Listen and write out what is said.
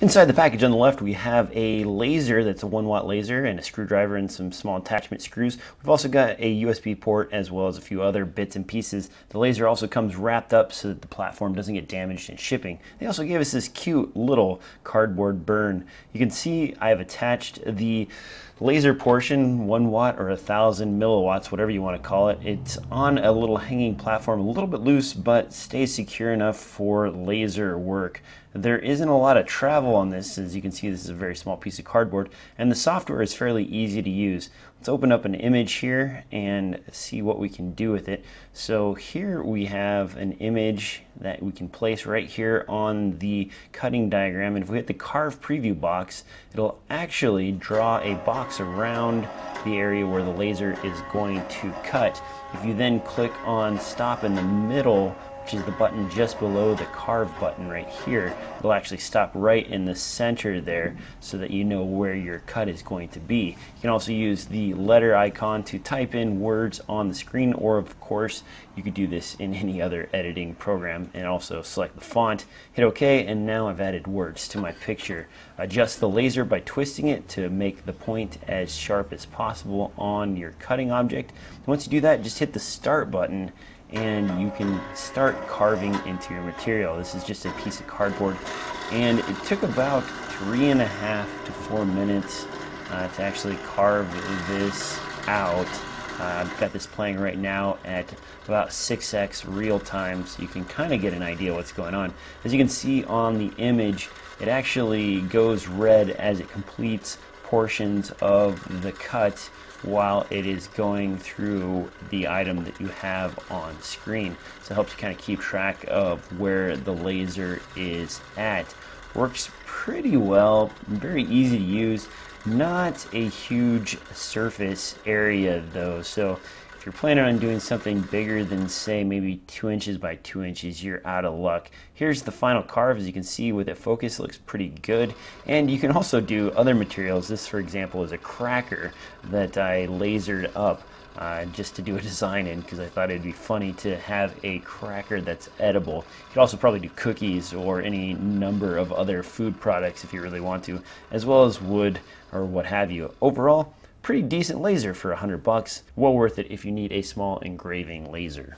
Inside the package on the left, we have a laser that's a one watt laser and a screwdriver and some small attachment screws. We've also got a USB port as well as a few other bits and pieces. The laser also comes wrapped up so that the platform doesn't get damaged in shipping. They also gave us this cute little cardboard burn. You can see I've attached the laser portion, one watt or a thousand milliwatts, whatever you want to call it. It's on a little hanging platform, a little bit loose, but stays secure enough for laser work. There isn't a lot of travel on this. As you can see, this is a very small piece of cardboard, and the software is fairly easy to use. Let's open up an image here and see what we can do with it. So here we have an image that we can place right here on the cutting diagram. And if we hit the carve preview box, it'll actually draw a box around the area where the laser is going to cut. If you then click on stop in the middle which is the button just below the carve button right here. It'll actually stop right in the center there so that you know where your cut is going to be. You can also use the letter icon to type in words on the screen or of course you could do this in any other editing program and also select the font, hit OK and now I've added words to my picture. Adjust the laser by twisting it to make the point as sharp as possible on your cutting object. And once you do that just hit the start button and you can start carving into your material. This is just a piece of cardboard and it took about three and a half to four minutes uh, to actually carve this out. Uh, I've got this playing right now at about 6x real time so you can kind of get an idea what's going on. As you can see on the image, it actually goes red as it completes portions of the cut while it is going through the item that you have on screen. So it helps you kind of keep track of where the laser is at. Works pretty well, very easy to use, not a huge surface area though. So if you're planning on doing something bigger than say maybe two inches by two inches, you're out of luck. Here's the final carve as you can see with it focus looks pretty good and you can also do other materials. This for example is a cracker that I lasered up uh, just to do a design in because I thought it'd be funny to have a cracker that's edible. You could also probably do cookies or any number of other food products if you really want to, as well as wood or what have you. Overall, Pretty decent laser for 100 bucks. Well worth it if you need a small engraving laser.